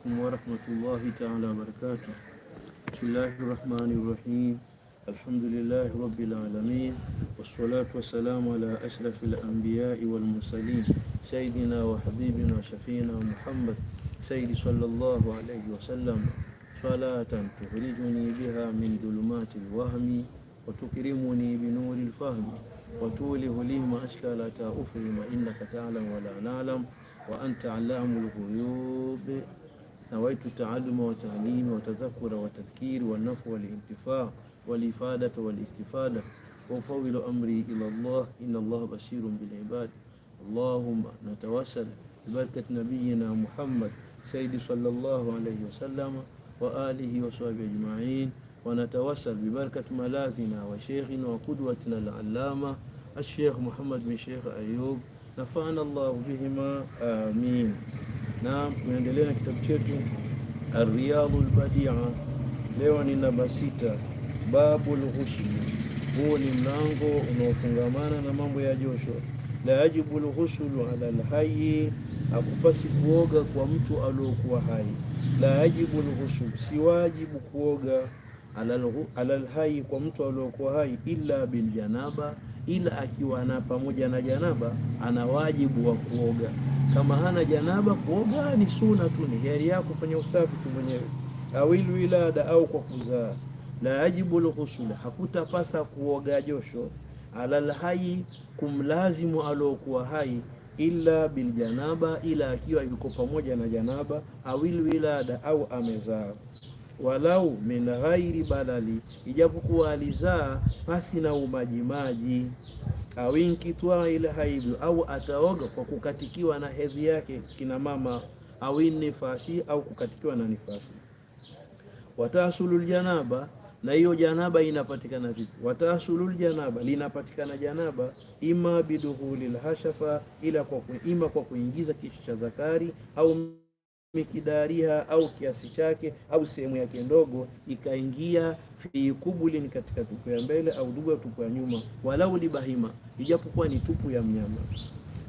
عليكم ورحمة الله تعالى وبركاته بسم الله الرحمن الرحيم الحمد لله رب العالمين والصلاة والسلام على أشرف الأنبياء والمرسلين سيدنا وحبيبنا وشفينا محمد سيد صلى الله عليه وسلم صلاة تخرجني بها من ظلمات الوهم وتكرمني بنور الفهم وتوله لي ما أشكى لا تأفهم إنك تعلم ولا نعلم وأنت علام الغيوب nawaitu taaluma wa taalimi wa tadhakura wa tadhkiri wa nafu wal intifaa wal ifadata wal istifada wa ufawilu amri ila Allah inna Allah bashirun bil ibad Allahumma natawassal bibarakati nabiyyina Muhammad sayyidi sallallahu alayhi wasallam wa alihi wa sahbihi ajma'in wa natawassal bibarakati malathina wa shaykhina wa qudwatina al-allama الشيخ محمد بن شيخ أيوب نفعنا الله بهما آمين na tunaendelea na kitabu chetu ar riyadhul Badia. Leo ni namba sita, babu ghusl. Huu ni mlango unaofungamana na mambo ya josho. La yajibu al-ghusl ala al-hayy, hakupasi kuoga kwa mtu aliokuwa hai. La yajibu al-ghusl, si wajibu kuoga ala alhayi, kwa mtu aliokuwa hai, illa biljanaba ila akiwa na pamoja na janaba ana wajibu wa kuoga. Kama hana janaba, kuoga ni suna tu, ni heri yako, kufanya usafi tu mwenyewe, awilu ilada au kwa kuzaa. La yajibu lghusula, hakutapasa kuoga josho alal hai, kumlazimu aliokuwa hai ila biljanaba, ila akiwa yuko pamoja na janaba, awilu ilada au amezaa walau min ghairi badali, ijapokuwa alizaa pasi na umajimaji, awinkitwa ila haidhu, au ataoga kwa kukatikiwa na hedhi yake kina mama, au nifasi, au kukatikiwa na nifasi. Watasulul janaba, na hiyo janaba inapatikana vipi? Watasulul janaba, linapatikana janaba ima biduhulil hashafa, ila kwa ima kwa kuingiza kichwa cha zakari au mikidariha au kiasi chake au sehemu yake ndogo ikaingia fi ni katika tupu ya mbele au ya tupu ya nyuma, walau bahima, ijapokuwa ni tupu ya mnyama.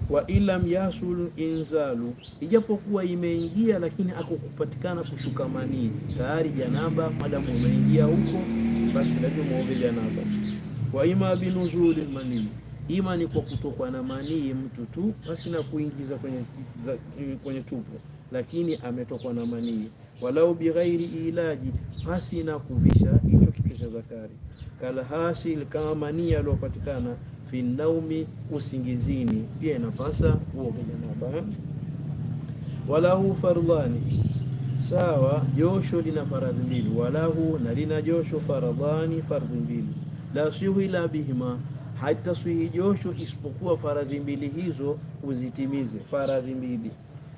Wa ilam yasul inzalu, ijapokuwa imeingia lakini akukupatikana kushuka manii, tayari janaba, madamu umeingia huko, basi lazima muombe janaba. Wa ima binuzuli mani ima ni kwa kutokwa na manii mtu tu, basi na kuingiza kwenye, kwenye tupu lakini ametokwa na manii, walau bighairi ilaji, pasi na kuvisha hicho kitu cha zakari. Kalhasil, kama manii aliyopatikana fi naumi, usingizini, pia inapasa uoge janaba. Eh? Walahu fardhani sawa, josho lina faradhi mbili, walahu na lina josho faradhani, faradhi mbili, la sihila bihima hata swihi josho, isipokuwa faradhi mbili hizo uzitimize, faradhi mbili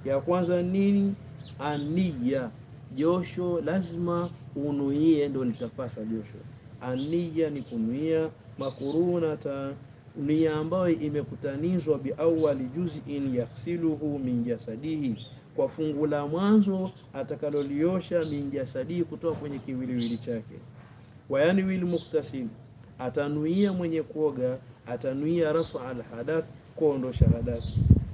ya kwanza nini? Ania, josho lazima unuie, ndio litapasa josho. Ania ni kunuia, makurunata nia ambayo imekutanizwa biawali in yaghsiluhu min jasadihi, kwa fungu la mwanzo atakaloliosha min jasadihi, kutoka kwenye kiwiliwili chake. Wayanwil muktasil, atanuia mwenye kuoga, atanuia rafa hadath, kuondosha hadath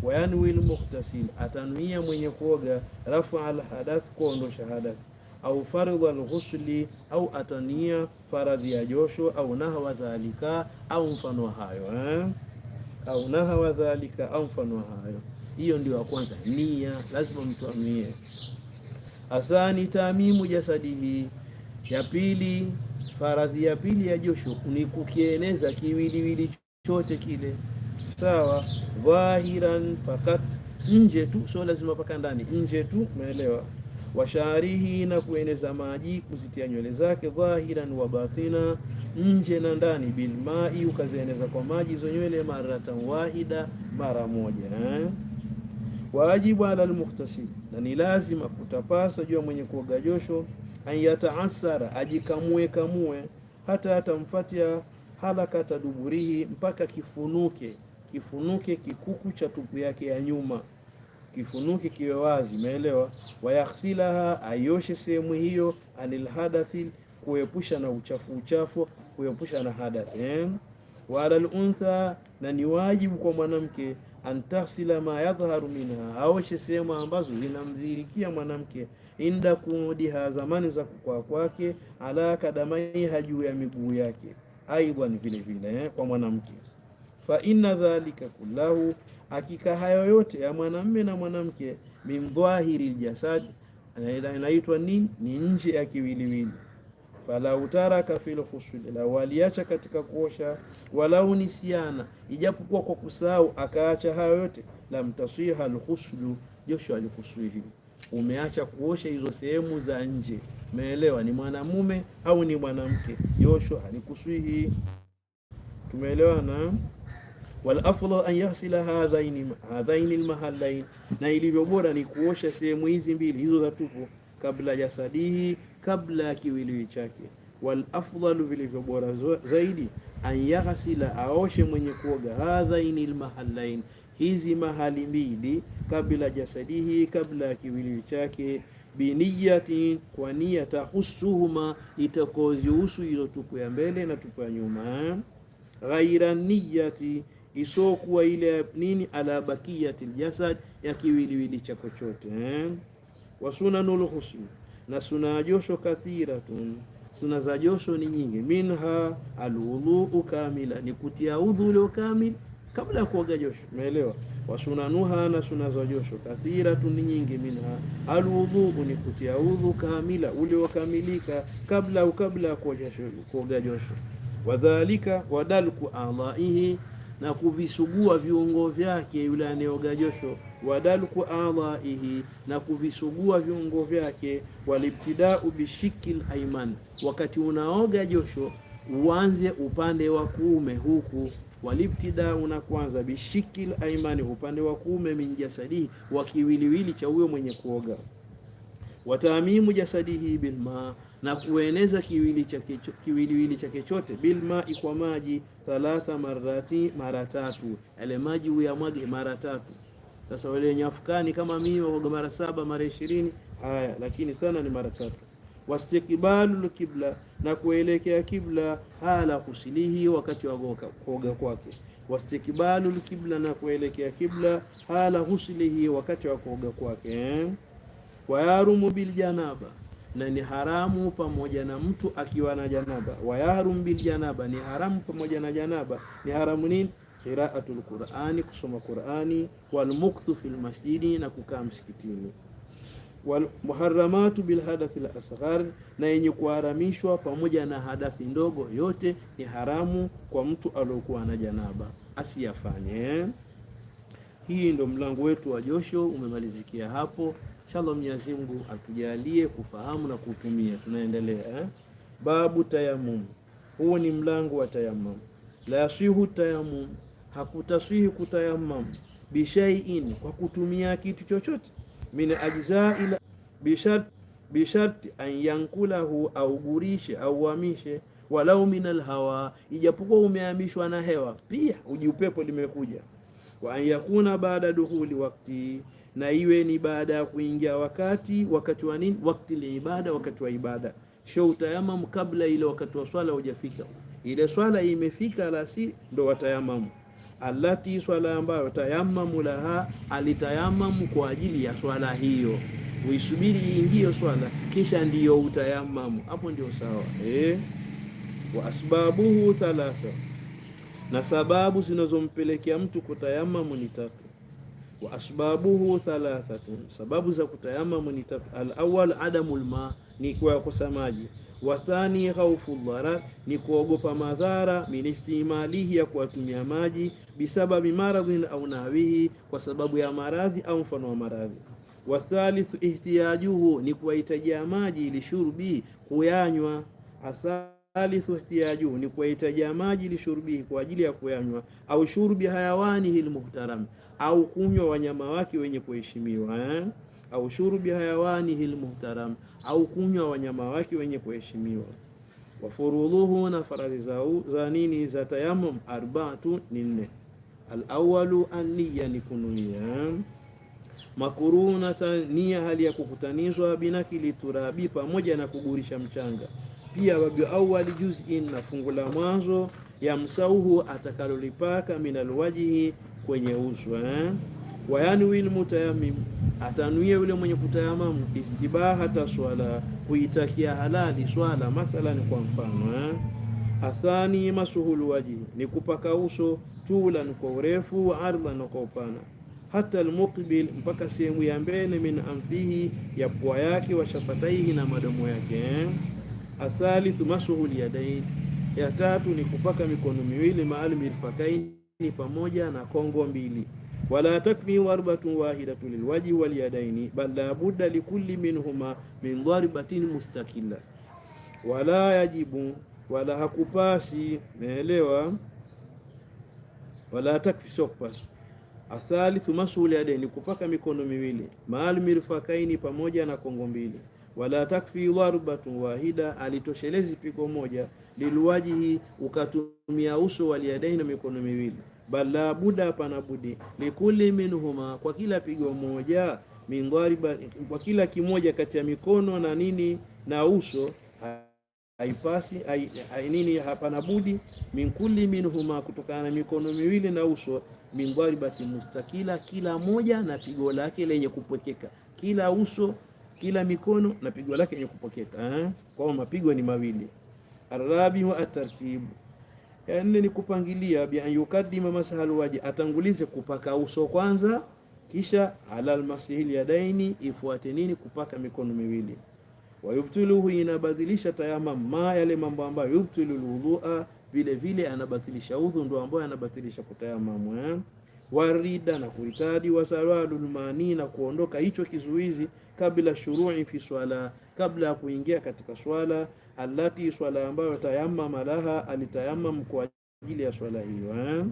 wayanwi lmuhtasil atanuia mwenye kuoga rafu lhadath kuondosha hadath au faradhu lghusli au atania faradhi ya josho au nahwa dhalika, au mfano hayo eh? au nahwa dhalika, au mfano hayo. Hiyo ndio ya kwanza, nia. Lazima mtu anuie Athani tamimu jasadihi, ya pili faradhi ya pili ya josho ni kukieneza kiwiliwili chote kile mustawa dhahiran fakat, nje tu, sio lazima paka ndani, nje tu, umeelewa? Washarihi, na kueneza maji, kuzitia nywele zake, dhahiran wa batina, nje na ndani, bilmai, ukazieneza kwa maji hizo nywele, maratan wahida, mara moja eh? Wajibu ala almughtasil, na ni lazima kutapasa jua mwenye kuoga josho, an ajikamue kamue, hata atamfatia halakata duburihi, mpaka kifunuke kifunuke kikuku cha tupu yake ya nyuma, kifunuke kiwe wazi, umeelewa? Wayaghsilaha, aioshe sehemu hiyo, anil hadathi, kuepusha na uchafu uchafu, kuepusha na hadath eh? Wala luntha, na ni wajibu kwa mwanamke antasila ma yadhharu minha, aoshe sehemu ambazo zinamdhirikia mwanamke inda kuudiha, zamani za kukwa kwake, ala kadamaiha, juu ya miguu yake, aidan vile vile eh, kwa mwanamke fa inna dhalika kullahu, hakika hayo yote ya mwanamme na mwanamke, min dhahiri aljasad, inaitwa nini? Ni nje ya kiwiliwili. Falau taraka fil ghusl, lau waliacha katika kuosha, walau nisiana, ijapokuwa kwa kusahau akaacha hayo yote, lam tasiha alghuslu, josho alikuswihi, umeacha kuosha hizo sehemu za nje. Umeelewa, ni mwanamume au ni mwanamke, josho alikuswihi. Tumeelewana wal an yahsila hadhain hadhain almahallain, na ilivyo bora ni kuosha sehemu hizi mbili hizo za tupu, kabla jasadihi, kabla ya kiwiliwi chake. Wal afdal, vilivyo bora zaidi, an yaghsila, aoshe mwenye kuoga, hadhain almahallain, hizi mahali mbili, kabla jasadihi, kabla ya kiwiliwi chake biniyati kwa nia tahusuhuma itakozihusu hizo tupu ya mbele na tupu ya nyuma, ghaira niyati isokuwa ile nini ala bakiyati ljasad ya kiwiliwili chako chote eh? wa wasunanu lhusni na suna josho kathiratun suna za josho ni nyingi. Minha alwudhu kamila ni kutia udhu ule kamil kabla ya kuoga josho, umeelewa? Wasunanuha na suna za josho kathira kathiratun ni nyingi. Minha alwudhu ni kutia udhu kamila uliokamilika kabla kabla ya kuoga josho, wadhalika wadalku adhaihi na kuvisugua viungo vyake, yule anayeoga josho, wadalku adaihi na kuvisugua viungo vyake, walibtidau bishiki aiman, wakati unaoga josho uanze upande wa kuume huku walibtidau na kwanza, bishikil aimani, upande wa kuume, min jasadihi, wa kiwiliwili cha huyo mwenye kuoga, wataamimu jasadihi bilma na kueneza kiwili cha kiwiliwili chake chote bilmai, kwa maji thalatha marati, mara tatu. Yale maji mwage mara tatu. Sasa wale wenye kama mimi waoga mara saba mara ishirini haya, lakini sana ni mara tatu. Wastikbalul lkibla na kuelekea kibla hala kusilihi wakati wa kuoga kwake wastikbalu lkibla na kuelekea kibla hala huslihi wakati wa kuoga kwake, eh? wayarumu biljanaba na ni haramu pamoja na mtu akiwa na janaba. Wayahrum bil janaba, ni haramu pamoja na janaba. Ni haramu nini? Qiraatul Qur'ani, kusoma Qur'ani, wal mukthu fil masjidi, na kukaa msikitini, wal muharramatu bil hadathil asghar, na yenye kuharamishwa pamoja na hadathi ndogo. Yote ni haramu kwa mtu aliyokuwa na janaba, asiyafanye. Hii ndo mlango wetu wa josho umemalizikia hapo. Inshallah Mwenyezi Mungu atujalie kufahamu na kutumia. Tunaendelea eh? Babu tayamum, huu ni mlango wa tayamum. La yasihu tayamum, hakutaswihi kutayamam bishaiin, kwa kutumia kitu chochote. Min ajzaa ila bisharti bisharti an yankulahu au gurishe au uhamishe walau min alhawa, ijapokuwa umehamishwa na hewa, pia uji upepo limekuja. Wa an yakuna baada duhuli wakti na iwe ni baada ya kuingia wakati wakati wa nini? Wakati ibada, wakati wa ibada. Sio utayamamu kabla ile wakati wa swala hujafika. Ile swala imefika lasi ndo watayamamu alati swala ambayo tayamamu laha, alitayamamu kwa ajili ya swala hiyo. Uisubiri iingie swala, kisha ndiyo utayamamu. Hapo ndio sawa eh. Wa asbabuhu thalatha, na sababu zinazompelekea mtu kutayamamu ni tatu wa asbabuhu thalathatu, sababu za kutayamamu ni tatu. Alawal adamu lma, ni kuyakosa maji. Wathani khaufu ldharar, ni kuogopa madhara. Min istimalihi, ya kuwatumia maji. Bisababi maradhin au nawihi kwa sababu ya maradhi au mfano wa maradhi. Wathalithu ihtiyajuhu, ni kuwahitajia maji. Lishurbihi, kuyanywa. Athalithu ihtiyajuhu, ni kuwahitajia maji. Lishurbihi, kwa ajili ya kuyanywa. Au shurbi hayawani lmuhtaram au kunywa wanyama wake wenye kuheshimiwa eh? au shurubi hayawanihi lmuhtaram, au kunywa wanyama wake wenye kuheshimiwa. Wafurudhuhu, na faradhi za za nini za tayamum, arbaatu ni nne. Alawalu anniya, ni kunuia. makuruna nia hali ya kukutanizwa, binakili turabi, pamoja na kugurisha mchanga. Pia babu awali juz'in, na fungu la mwanzo, ya msauhu atakalolipaka, minalwajihi kwenye uso eh? wayanwi lmutayamim, atanuia yule mwenye kutayamamu istibahata swala, kuitakia halali swala. Mathalan, kwa mfano eh? athani masuhulu waji, ni kupaka uso, tulan kwa urefu, wa na kwa upana hata almuqbil mpaka sehemu ya mbele, min amfihi ya pua yake, wa shafataihi na madomo yake. Eh? Athalithu masuhu lyadain, ya tatu ni kupaka mikono miwili, maalum irfakaini ni pamoja na kongo mbili. Wala takfi dharbatun wahidatu lilwaji walyadaini, bal la budda likulli minhuma min dharbatin mustakilla. Wala yajibu, wala hakupasi, naelewa. Wala takfi, sokpas athalithu masuli yadaini, kupaka mikono miwili maalumirfakaini pamoja na kongo mbili wala takfi dharbatun wahida, alitoshelezi piko moja, lilwajihi, ukatumia uso, waliyadai, na mikono miwili, bal la buda, hapana budi, likuli minhuma, kwa kila pigo moja, min kwa kila kimoja kati ya mikono na nini na uso haipasi nini, hapana budi min kulli minhuma, kutokana na mikono miwili na uso, min dharibati mustakila, kila moja na pigo lake lenye kupwekeka, kila uso kila mikono na pigo lake lenye kupokeka. Eh? hiyo mapigo ni mawili, arabi wa atartib. Ya nne ni kupangilia, bi an yukadima masahalu waji, atangulize kupaka uso kwanza, kisha alal masihili ya daini, ifuate nini? Kupaka mikono miwili. Wayubtiluhu, inabadilisha tayamam, ma yale mambo ambayo yubtilu lwudhua, vile vile anabatilisha udhu, ndo ambayo anabatilisha kutayamamu. Eh? warida na kuritadi wa mani na kuondoka hicho kizuizi, kabla shurui fi swala, kabla ya kuingia katika swala, alati swala ambayo tayamama laha, alitayamam kwa ajili ya swala hiyo eh?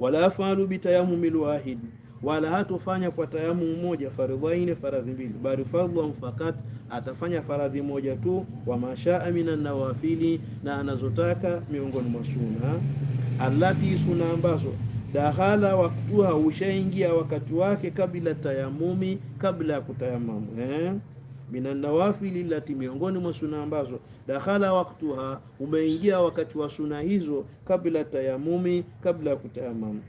wala afalu bitayamumil wahid, wala hatofanya kwa tayamu moja, faridhaini, faradhi mbili, bali fardhu fakat, atafanya faradhi moja tu, wa mashaa minan nawafili, na anazotaka miongoni mwa sunna, alati sunna ambazo dakhala waktuha, ushaingia wakati wake, kabla tayamumi, kabla ya kutayamamu eh? Mina lati, miongoni mwa suna ambazo dakhala waktuha, umeingia wakati wa suna hizo, kabla tayamumi, kabla ya kutayamamu.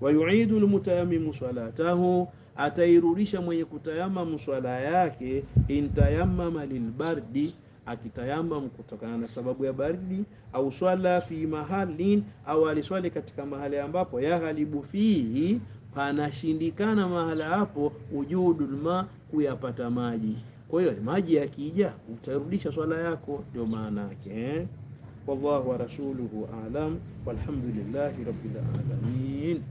Wa yuidu lmutayamimu salatahu, atairudisha mwenye kutayamamu swala yake, intayamama lilbardi akitayamam kutokana na sababu ya baridi, au swala fi mahalin, au aliswali katika mahali ambapo yaghalibu fihi, panashindikana mahala hapo lma kuyapata maji. Kwa hiyo maji yakija, utarudisha swala yako, ndio maana yake. Eh? Wallahu wa rasuluhu alam, walhamdulillahi rabbil alamin.